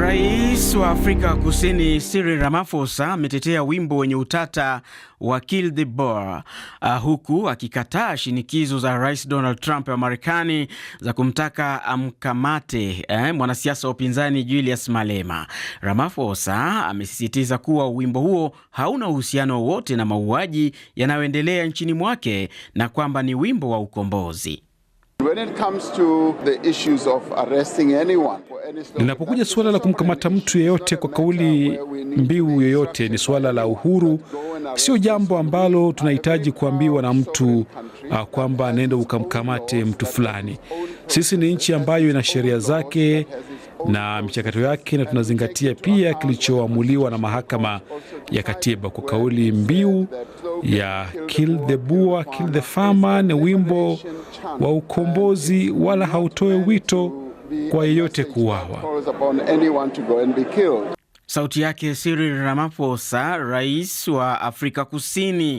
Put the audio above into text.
Rais wa Afrika Kusini Cyril Ramaphosa ametetea wimbo wenye utata wa Kill the Boer, uh, ah, huku akikataa shinikizo za Rais Donald Trump wa Marekani za kumtaka amkamate eh, mwanasiasa wa upinzani Julius Malema. Ramaphosa amesisitiza kuwa wimbo huo hauna uhusiano wowote na mauaji yanayoendelea nchini mwake na kwamba ni wimbo wa ukombozi. When it comes to the issues of arresting anyone Linapokuja suala la kumkamata mtu yeyote kwa kauli mbiu yoyote, ni suala la uhuru, sio jambo ambalo tunahitaji kuambiwa na mtu uh, kwamba nenda ukamkamate mtu fulani. Sisi ni nchi ambayo ina sheria zake na michakato yake, na tunazingatia pia kilichoamuliwa na mahakama ya katiba. Kwa kauli mbiu ya kill the boer, kill the farmer, ni wimbo wa ukombozi, wala hautoe wito kwa yeyote kuuawa. Sauti yake Cyril Ramaphosa, rais wa Afrika Kusini.